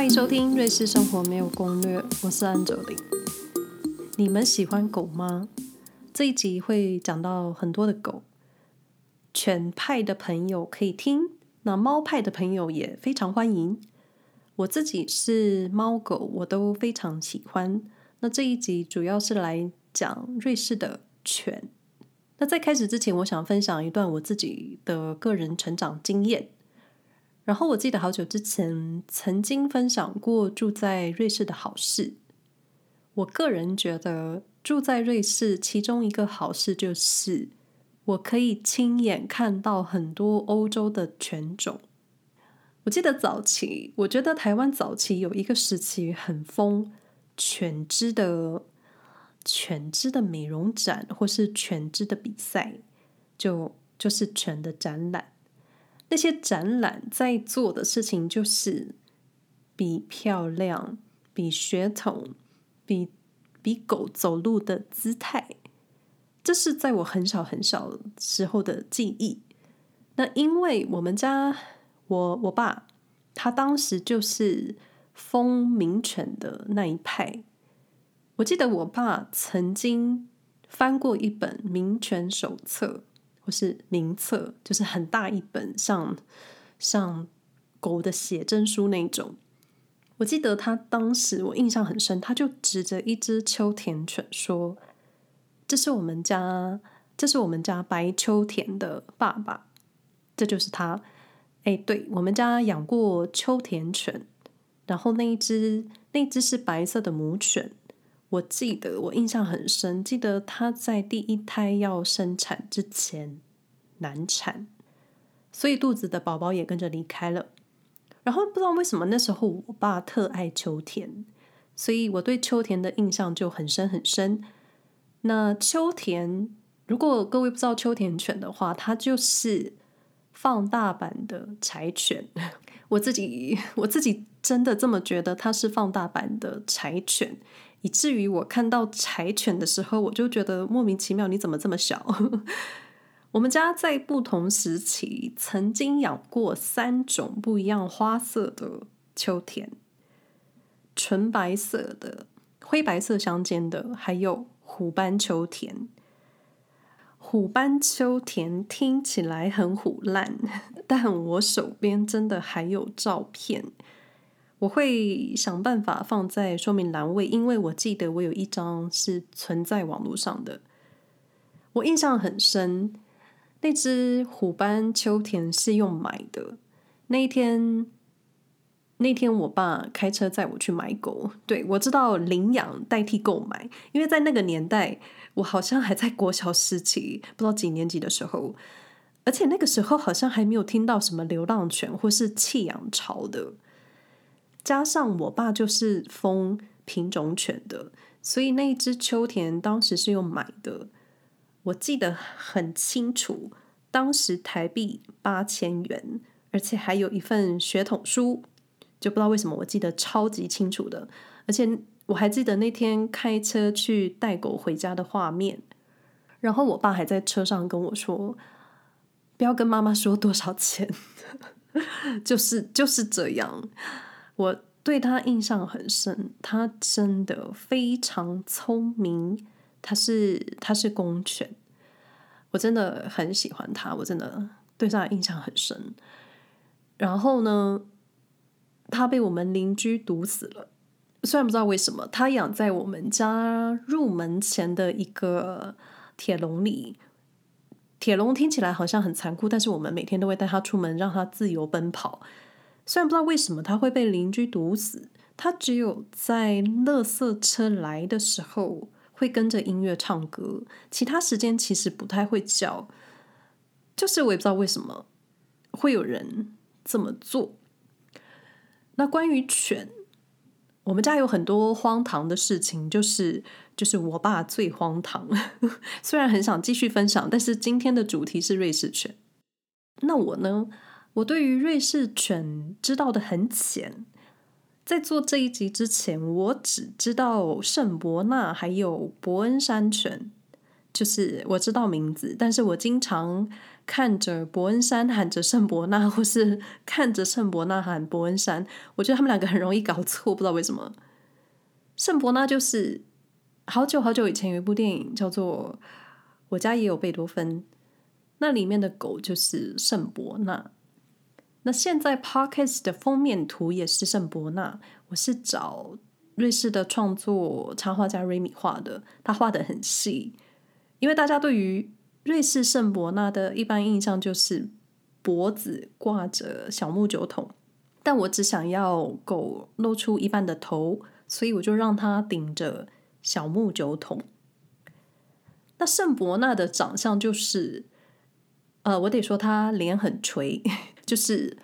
歡迎收聽《瑞士生活沒有攻略》，我是安哲林。你們喜歡狗嗎？這一集會講到很多的狗，犬派的朋友可以聽，那貓派的朋友也非常歡迎。我自己是貓狗，我都非常喜歡。那這一集主要是來講瑞士的犬。那在開始之前，我想分享一段我自己的個人成長經驗。然後我記得好久之前曾經分享過住在瑞士的好事。我個人覺得住在瑞士其中一個好事就是我可以親眼看到很多歐洲的犬種。我記得早期，我覺得台灣早期有一個時期很瘋，犬只的犬只的美容展，或是犬只的比賽，就就是犬的展覽。那些展覽在做的事情，就是比漂亮、比血統、比比狗走路的姿態。這是在我很小很小時候的記憶。那因為我們家，我我爸，他當時就是瘋名犬的那一派。我記得我爸曾經翻過一本名犬手冊。就是名冊，就是很大一本，像像狗的寫真書那種。我記得他當時我印象很深，他就指着一隻秋田犬說：“這是我們家，這是我們家白秋田的爸爸，這就是他。”哎，對，我們家養過秋田犬，然後那一隻那隻是白色的母犬。我記得我印象很深，記得他在第一胎要生產之前難產，所以肚子的寶寶也跟着離開了。然後不知道為什麼那時候我爸特愛秋田，所以我對秋田的印象就很深很深。那秋田，如果各位不知道秋田犬的話，它就是放大版的柴犬。我自己我自己真的這麼覺得，它是放大版的柴犬。以至於我看到柴犬的時候，我就覺得莫名其妙，你怎麼這麼小？ 我們家在不同時期曾經養過三種不一樣花色的秋田：純白色的、灰白色相間的，還有虎斑秋田。虎斑秋田聽起來很唬爛，但我手邊真的還有照片。我會想辦法放在說明欄位，因為我記得我有一張是存在網絡上的。我印象很深，那隻虎斑秋田是用買的。那一天，那天我爸開車載我去買狗，對，我知道領養代替購買，因為在那個年代，我好像還在國小時期，不知道幾年級的時候，而且那個時候好像還沒有聽到什麼流浪犬或是棄養潮的。加上我爸就是封品種犬的，所以那只秋田當時是用買的，我記得很清楚，當時台幣八千元，而且還有一份血統書，就不知道為什麼我記得超級清楚的，而且我還記得那天開車去帶狗回家的畫面，然後我爸還在車上跟我說，不要跟媽媽說多少錢。 就是就是這樣。我對它印象很深，它真的非常聰明，它是它是公犬，我真的很喜歡它，我真的對它印象很深。然後呢，它被我們鄰居毒死了，雖然不知道為什麼，他養在我們家入門前的一個鐵籠裡，鐵籠聽起來好像很殘酷，但是我們每天都會帶它出門，讓它自由奔跑。雖然不知道為什麼他會被鄰居毒死，他只有在垃圾車來的時候會跟着音樂唱歌，其他時間其實不太會叫。就是我也不知道為什麼會有人這麼做。那關於犬，我們家有很多荒唐的事情，就是就是我爸最荒唐。 雖然很想繼續分享，但是今天的主題是瑞士犬。那我呢？我對於瑞士犬知道得很淺，在做這一集之前，我只知道聖伯納還有伯恩山犬，就是我知道名字，但是我經常看着伯恩山喊着聖伯納，或是看着聖伯納喊伯恩山，我覺得他們兩個很容易搞錯，不知道為什麼。聖伯納就是好久好久以前有一部電影叫做《我家也有貝多芬》，那裡面的狗就是聖伯納。那現在 Podcast 的封面圖也是聖伯納，我是找瑞士的創作插畫家 Remy 畫的，他畫得很細。因為大家對於瑞士聖伯納的一般印象就是脖子掛着小木酒桶，但我只想要狗露出一半的頭，所以我就讓它頂着小木酒桶。那聖伯納的長相就是，呃，我得說他臉很垂。就是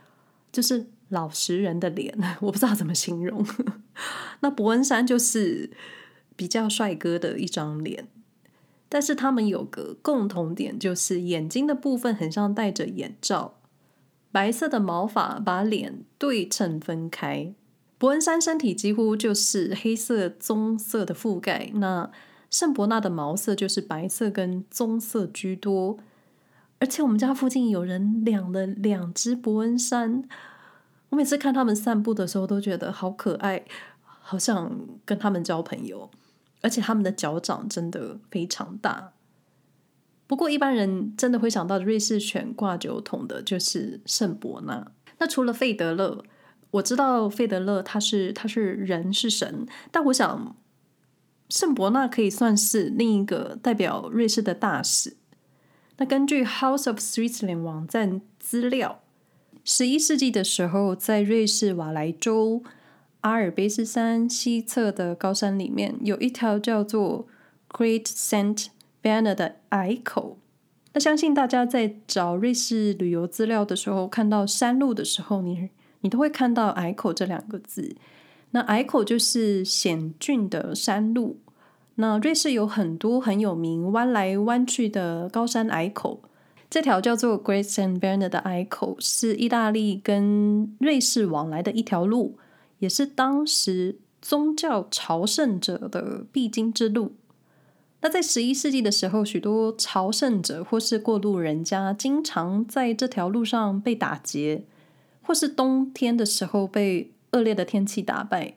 就是老實人的臉，我不知道怎麼形容。 那伯恩山就是比較帥哥的一張臉，但是他們有個共同點，就是眼睛的部分很像戴着眼罩，白色的毛髮把臉對稱分開。伯恩山身體幾乎就是黑色、棕色的覆蓋，那聖伯納的毛色就是白色跟棕色居多。而且我們家附近有人養了兩隻伯恩山，我每次看他們散步的時候都覺得好可愛，好想跟他們交朋友。而且他們的腳掌真的非常大。不過一般人真的會想到瑞士犬掛酒桶的，就是聖伯納。那除了費德勒，我知道費德勒他是他是人是神，但我想聖伯納可以算是另一個代表瑞士的大使。那根據 House of Switzerland 網站資料，十一世紀的時候，在瑞士瓦萊州阿爾卑斯山西側的高山裡面，有一條叫做 Great Saint Bernard 的隘口。那相信大家在找瑞士旅遊資料的時候，看到山路的時候，你你都會看到“隘口”這兩個字。那“隘口”就是險峻的山路。那瑞士有很多很有名、彎來彎去的高山隘口。這條叫做 Great Saint Bernard 的隘口是意大利跟瑞士往來的一條路，也是當時宗教朝聖者的必經之路。那在十一世紀的時候，許多朝聖者或是過路人家經常在這條路上被打劫，或是冬天的時候被惡劣的天氣打敗。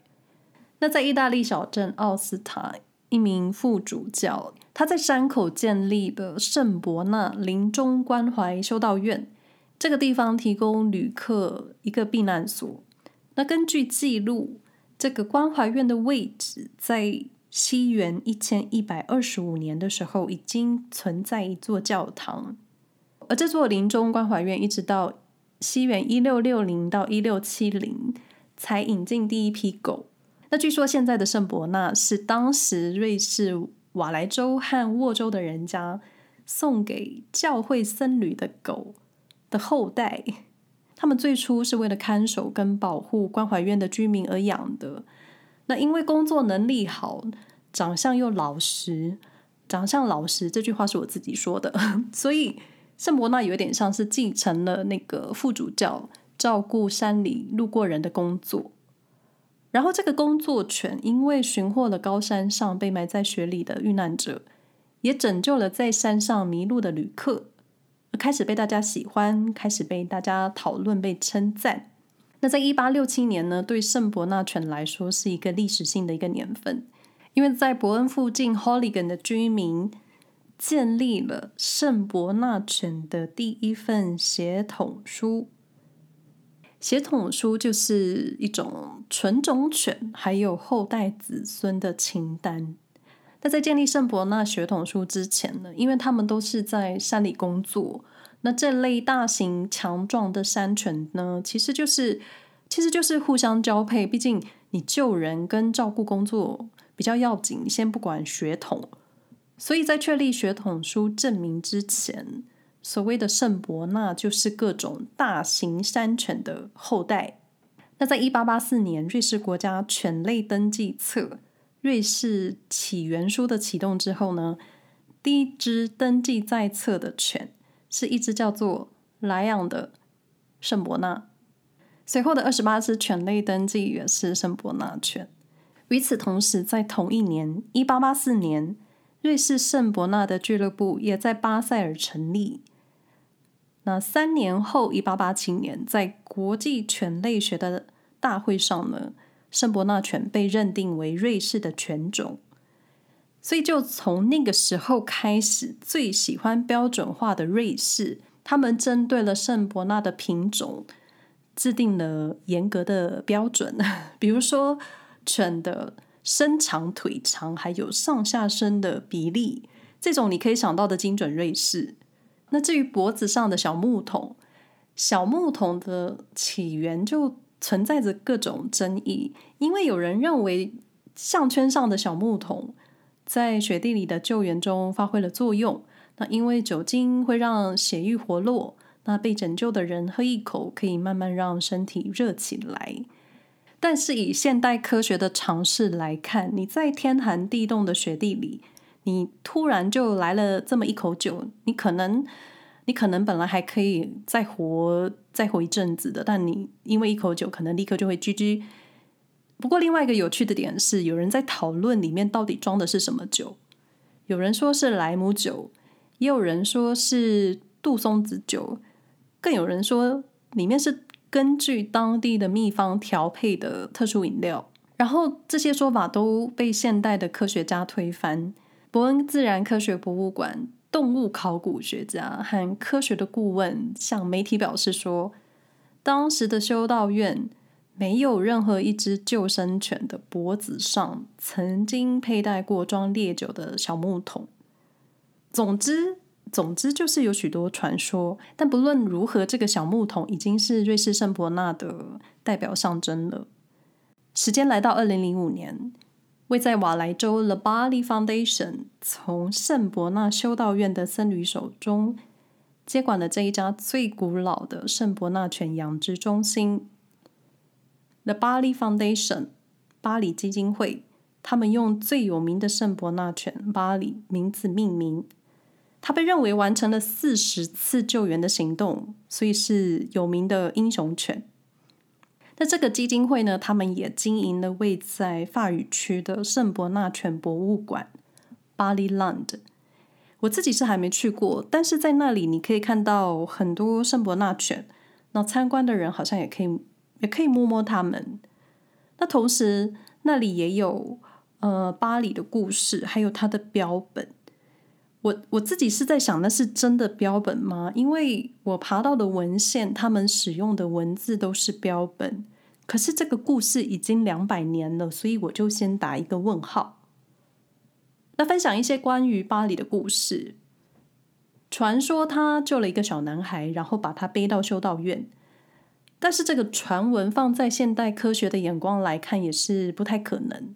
那在意大利小鎮奧斯塔，一名副主教，他在山口建立的聖伯納臨終關懷修道院，這個地方提供旅客一個避難所。那根據記錄，這個關懷院的位置在西元一千一百二十五年的時候，已經存在一座教堂，而這座臨終關懷院一直到西元一六六零到一六七零才引進第一批狗。那據說現在的聖伯納是當時瑞士瓦萊州和沃州的人家送給教會僧侶的狗的後代。他們最初是為了看守跟保護關懷院的居民而養的。那因為工作能力好，長相又老實，長相老實這句話是我自己說的， 所以聖伯納有點像是繼承了那個副主教照顧山裡路過人的工作。然後，這個工作犬因為尋獲了高山上被埋在雪裡的遇難者，也拯救了在山上迷路的旅客，開始被大家喜歡，開始被大家討論，被稱讚。那在一八六七年呢，對聖伯納犬來說是一個歷史性的一個年份，因為在伯恩附近 Holligen 的居民建立了聖伯納犬的第一份血統書，血統書就是一種，純種犬還有後代子孫的清單。那在建立聖伯納血統書之前呢，因為他們都是在山裡工作，那這類大型強壯的山犬呢，其實就是其實就是互相交配。畢竟你救人跟照顧工作比較要緊，先不管血統。所以在確立血統書證明之前，所謂的聖伯納就是各種大型山犬的後代。那在1884年，瑞士國家犬類登記冊《瑞士起源書》的啟動之後呢，第一隻登記在冊的犬是一隻叫做萊昂的聖伯納。隨後的28隻犬類登記也是聖伯納犬。與此同時，在同一年，1884年，瑞士聖伯納的俱樂部也在巴塞爾成立。那三年後，一八八七年，在國際犬類學的大會上呢，聖伯納犬被認定為瑞士的犬種。所以，就從那個時候開始，最喜歡標準化的瑞士，他們針對了聖伯納的品種，制定了嚴格的標準， 比如說犬的身長、腿長，還有上下身的比例，這種你可以想到的精準瑞士。那至於脖子上的小木桶，小木桶的起源就存在着各種爭議，因為有人認為項圈上的小木桶在雪地裡的救援中發揮了作用。那因為酒精會讓血液活絡，那被拯救的人喝一口可以慢慢讓身體熱起來。但是以現代科學的常識來看，你在天寒地凍的雪地裡。你突然就來了這麼一口酒，你可能，你可能本來還可以再活再活一陣子的，但你因為一口酒，可能立刻就會 GG。不過，另外一個有趣的點是，有人在討論裡面到底裝的是什麼酒，有人說是萊姆酒，也有人說是杜松子酒，更有人說裡面是根據當地的秘方調配的特殊飲料。然後這些說法都被現代的科學家推翻。伯恩自然科學博物館動物考古學家和科學的顧問向媒體表示說：“當時的修道院沒有任何一隻救生犬的脖子上曾經佩戴過裝烈酒的小木桶。總之，總之就是有許多傳說。但不論如何，這個小木桶已經是瑞士聖伯納的代表象徵了。”時間來到二零零五年。位在瓦萊州，The Barry Foundation 從聖伯納修道院的僧侶手中接管了這一家最古老的聖伯納犬養殖中心。The Barry Foundation（ 巴利基金會）他們用最有名的聖伯納犬“巴利”名字命名。它被認為完成了四十次救援的行動，所以是有名的英雄犬。那這個基金會呢？他們也經營了位在法語區的聖伯納犬博物館，Barryland。我自己是還沒去過，但是在那裡你可以看到很多聖伯納犬，那參觀的人好像也可以，也可以摸摸它們。那同時那裡也有呃、巴利的故事，還有它的標本。我我自己是在想，那是真的標本嗎？因為我爬到的文獻，他們使用的文字都是標本。可是這個故事已經兩百年了，所以我就先打一個問號。那分享一些關於巴利的故事。傳說他救了一個小男孩，然後把他背到修道院。但是這個傳聞放在現代科學的眼光來看，也是不太可能。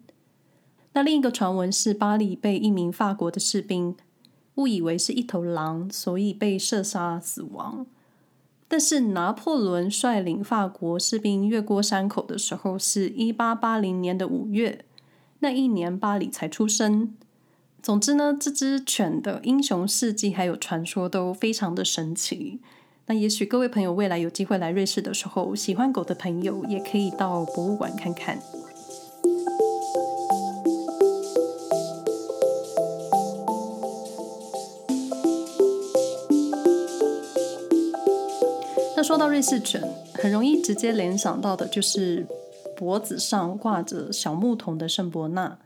那另一個傳聞是，巴利被一名法國的士兵。誤以為是一頭狼，所以被射殺死亡。但是拿破崙率領法國士兵越過山口的時候是一八八零年的五月，那一年巴利才出生。總之呢，這只犬的英雄事跡還有傳說都非常的神奇。那也許各位朋友未來有機會來瑞士的時候，喜歡狗的朋友也可以到博物館看看。說到瑞士犬，很容易直接聯想到的就是脖子上掛着小木桶的聖伯納。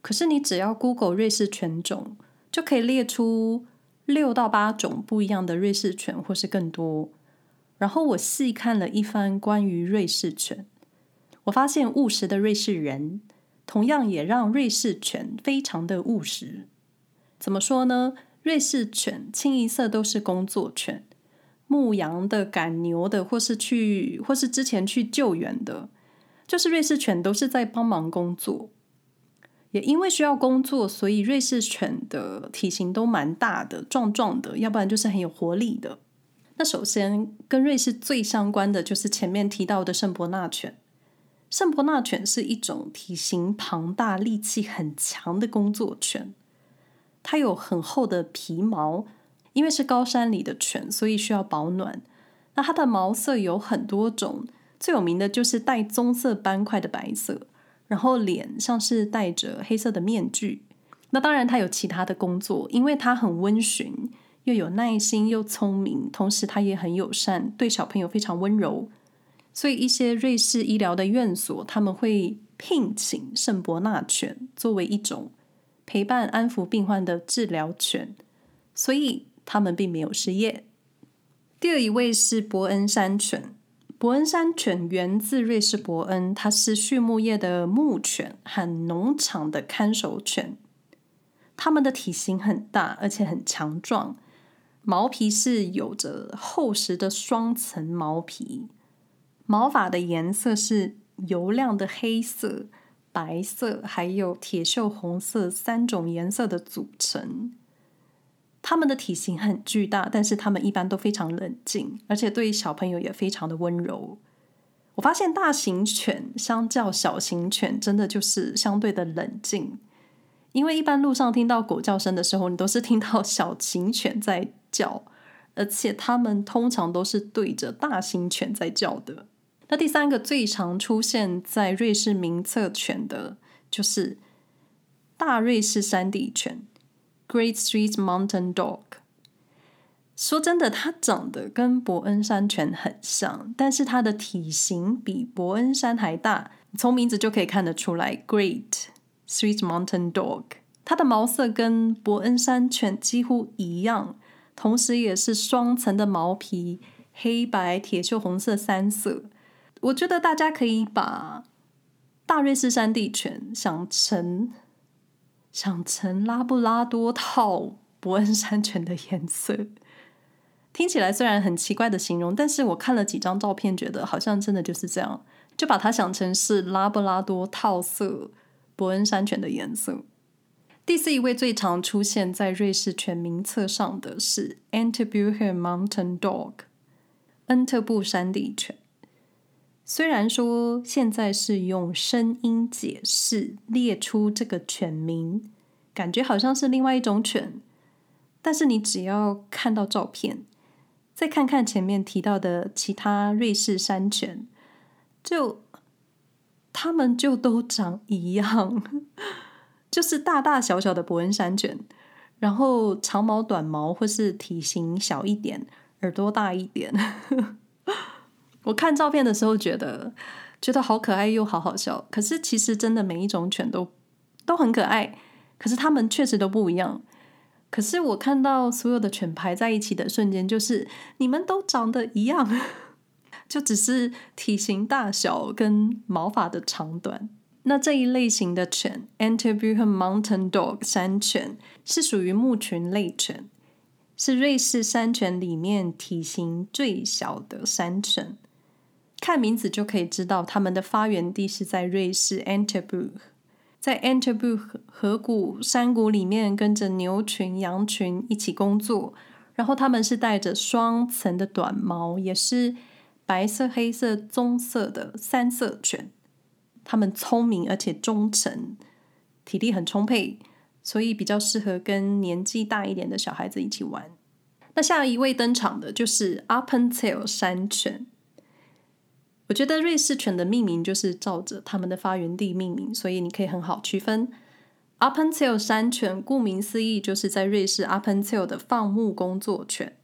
可是你只要 Google 瑞士犬種，就可以列出六到八種不一樣的瑞士犬，或是更多。然後我細看了一番關於瑞士犬，我發現務實的瑞士人同樣也讓瑞士犬非常的務實。怎麼說呢？瑞士犬清一色都是工作犬。牧羊的、趕牛的，或是去，或是之前去救援的，就是瑞士犬，都是在幫忙工作。也因為需要工作，所以瑞士犬的體型都蠻大的，壯壯的，要不然就是很有活力的。那首先跟瑞士最相關的，就是前面提到的聖伯納犬。聖伯納犬是一種體型龐大、力氣很強的工作犬，它有很厚的皮毛。因為是高山裡的犬，所以需要保暖。那它的毛色有很多種，最有名的就是帶棕色斑塊的白色，然後臉像是戴着黑色的面具。那當然，它有其他的工作，因為它很溫馴，又有耐心，又聰明，同時它也很友善，對小朋友非常溫柔。所以一些瑞士醫療的院所，他們會聘請聖伯納犬作為一種陪伴、安撫病患的治療犬。所以。他們並沒有失業。第二一位是伯恩山犬。伯恩山犬源自瑞士伯恩，它是畜牧業的牧犬和農場的看守犬。它們的體型很大，而且很強壯，毛皮是有着厚實的雙層毛皮，毛髮的顏色是油亮的黑色、白色還有鐵鏽紅色三種顏色的組成。它們的體型很巨大，但是它們一般都非常冷靜，而且對小朋友也非常的溫柔。我發現大型犬相較小型犬真的就是相對的冷靜，因為一般路上聽到狗叫聲的時候，你都是聽到小型犬在叫，而且它們通常都是對着大型犬在叫的。那第三個最常出現在瑞士名冊犬的就是大瑞士山地犬。Great Swiss Mountain Dog，說真的，它長得跟伯恩山犬很像，但是它的體型比伯恩山還大，從名字就可以看得出來。Great Swiss Mountain Dog，它的毛色跟伯恩山犬幾乎一樣，同時也是雙層的毛皮，黑白鐵鏽紅色三色。我覺得大家可以把大瑞士山地犬想成。想成拉布拉多套伯恩山犬的顏色，聽起來雖然很奇怪的形容，但是我看了幾張照片，覺得好像真的就是這樣，就把它想成是拉布拉多套色伯恩山犬的顏色。第四一位最常出現在瑞士犬名冊上的是 Entlebucher Mountain Dog，恩特布山地犬。雖然說現在是用聲音解釋列出這個犬名，感覺好像是另外一種犬，但是你只要看到照片，再看看前面提到的其他瑞士山犬，就他們就都長一樣，就是大大小小的伯恩山犬，然後長毛、短毛或是體型小一點、耳朵大一點。 我看照片的時候覺得覺得好可愛又好好笑，可是其實真的每一種犬都都很可愛，可是它們確實都不一樣。可是我看到所有的犬排在一起的瞬間，就是你們都長得一樣， 就只是體型大小跟毛髮的長短。那這一類型的犬，Entlebucher Mountain Dog（ 山犬）是屬於牧群類犬，是瑞士山犬裡面體型最小的山犬。看名字就可以知道，它們的發源地是在瑞士 Entlebuch，在 Entlebuch 河谷山谷裡面，跟着牛群、羊群一起工作。然後它們是帶着雙層的短毛，也是白色、黑色、棕色的三色犬。它們聰明而且忠誠，體力很充沛，所以比較適合跟年紀大一點的小孩子一起玩。那下一位登場的就是 Appenzell 山犬。我覺得瑞士犬的命名就是照着他們的發源地命名，所以你可以很好區分。阿彭策爾山犬，顧名思義就是在瑞士阿彭策爾的放牧工作犬。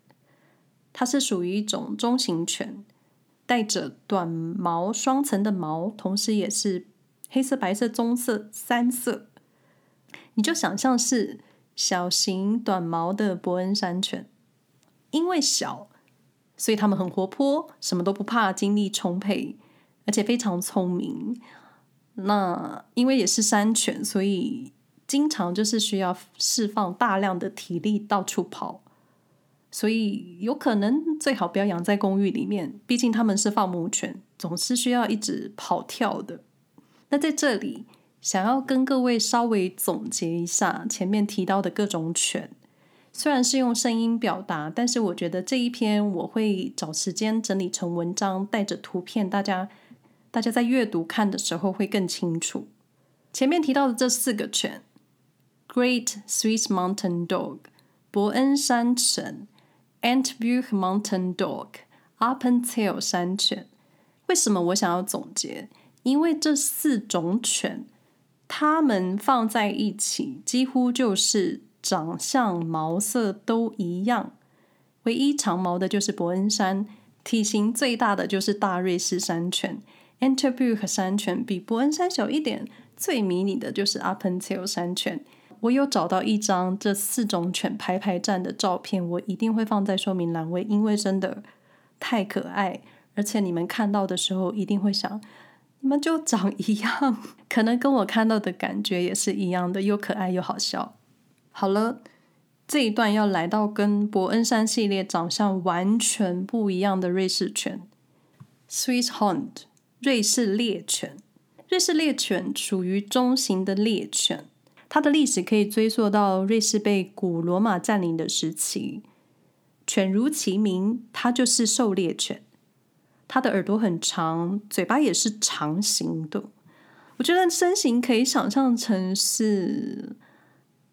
它是屬於一種中型犬，帶着短毛雙層的毛，同時也是黑色、白色、棕色三色。你就想象是小型短毛的伯恩山犬，因為小。所以他們很活潑，什麼都不怕，精力充沛，而且非常聰明。那因為也是山犬，所以經常就是需要釋放大量的體力，到處跑。所以有可能最好不要養在公寓裡面，畢竟他們是放牧犬，總是需要一直跑跳的。那在這裡，想要跟各位稍微總結一下前面提到的各種犬。雖然是用聲音表達，但是我覺得這一篇我會找時間整理成文章，帶着圖片，大家大家在閱讀看的時候會更清楚。前面提到的這四個犬：Great Swiss Mountain Dog（ 伯恩山犬）、Entlebucher Mountain Dog（ Appenzeller 山犬）。為什麼我想要總結？因為這四種犬，它們放在一起幾乎就是。長相毛色都一樣，唯一長毛的就是伯恩山，體型最大的就是大瑞士山犬，恩特布徹山犬比伯恩山小一點，最迷你的就是阿彭策爾山犬。我有找到一張這四種犬排排站的照片，我一定會放在說明欄位，因為真的太可愛，而且你們看到的時候一定會想，你們就長一樣，可能跟我看到的感覺也是一樣的，又可愛又好笑。好了，這一段要來到跟伯恩山系列長相完全不一樣的瑞士犬 （Swiss Hound，瑞士獵犬）。瑞士獵犬屬於中型的獵犬，它的歷史可以追溯到瑞士被古羅馬佔領的時期。犬如其名，它就是狩獵犬。它的耳朵很長，嘴巴也是長型的。我覺得身形可以想象成是。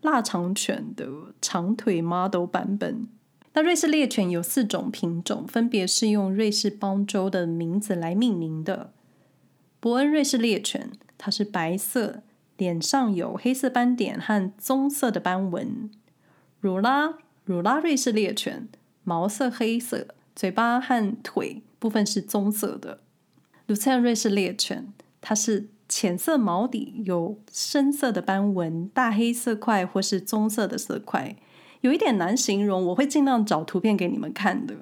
臘腸犬的長腿 model 版本。那瑞士獵犬有四種品種，分別是用瑞士邦州的名字來命名的。伯恩瑞士獵犬，它是白色，臉上有黑色斑點和棕色的斑紋。汝拉汝拉瑞士獵犬，毛色黑色，嘴巴和腿部分是棕色的。盧塞爾瑞士獵犬，它是。淺色毛底有深色的斑紋，大黑色塊或是棕色的色塊，有一點難形容，我會盡量找圖片給你們看的。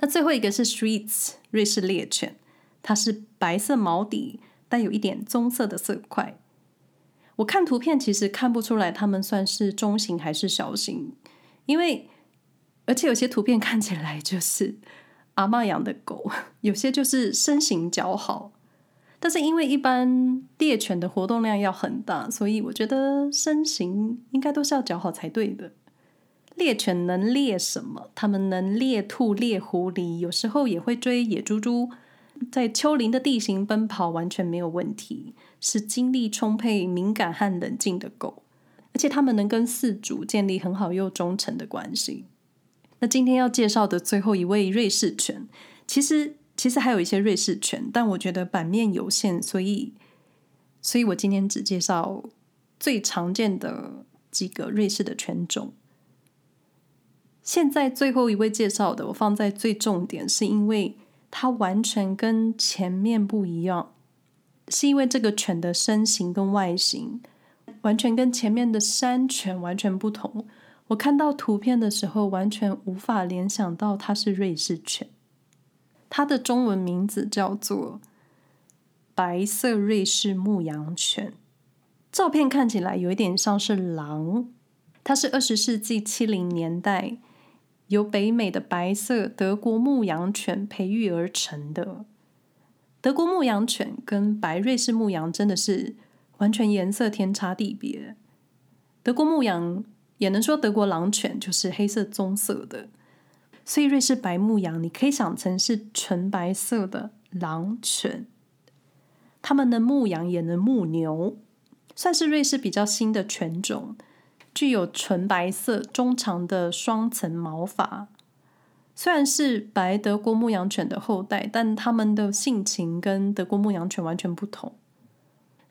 那最後一個是 Swiss 瑞士獵犬，它是白色毛底帶有一點棕色的色塊。我看圖片其實看不出來它們算是中型還是小型，因為而且有些圖片看起來就是阿嬤養的狗，有些就是身形姣好。但是因為一般獵犬的活動量要很大，所以我覺得身形應該都是要較好才對的。獵犬能獵什麼？它們能獵兔、獵狐狸，有時候也會追野豬豬。在丘陵的地形奔跑完全沒有問題，是精力充沛、敏感和冷靜的狗。而且它們能跟飼主建立很好又忠誠的關係。那今天要介紹的最後一位瑞士犬，其實。其實還有一些瑞士犬，但我覺得版面有限，所以，所以我今天只介紹最常見的幾個瑞士的犬種。現在最後一位介紹的，我放在最重點，是因為它完全跟前面不一樣，是因為這個犬的身形跟外形完全跟前面的山犬完全不同。我看到圖片的時候，完全無法聯想到它是瑞士犬。它的中文名字叫做白色瑞士牧羊犬，照片看起來有一點像是狼。它是二十世紀七零年代由北美的白色德國牧羊犬培育而成的。德國牧羊犬跟白瑞士牧羊真的是完全顏色天差地別。德國牧羊，也能說德國狼犬就是黑色棕色的。所以，瑞士白牧羊你可以想成是純白色的狼犬，它們能牧羊也能牧牛，算是瑞士比較新的犬種，具有純白色中長的雙層毛髮。雖然是白德國牧羊犬的後代，但它們的性情跟德國牧羊犬完全不同。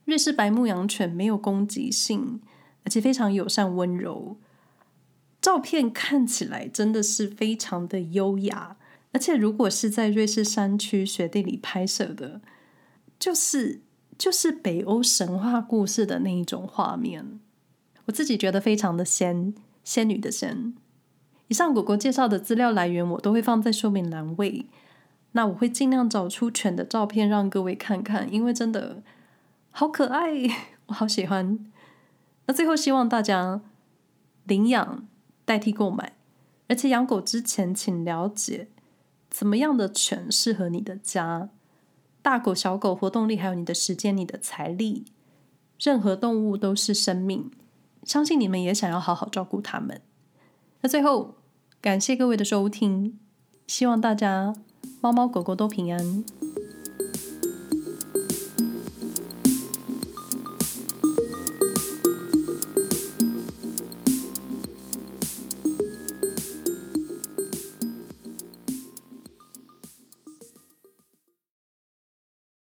瑞士白牧羊犬沒有攻擊性，而且非常友善溫柔。照片看起來真的是非常的優雅，而且如果是在瑞士山區雪地裡拍攝的，就是就是北歐神話故事的那一種畫面。我自己覺得非常的仙，仙女的仙。以上果果介紹的資料來源我都會放在說明欄位，那我會盡量找出犬的照片讓各位看看，因為真的好可愛，我好喜歡。那最後希望大家領養。代替購買，而且養狗之前請了解，怎麼樣的犬適合你的家，大狗、小狗、活動力，還有你的時間、你的財力。任何動物都是生命，相信你們也想要好好照顧它們。那最後，感謝各位的收聽，希望大家貓貓狗狗都平安。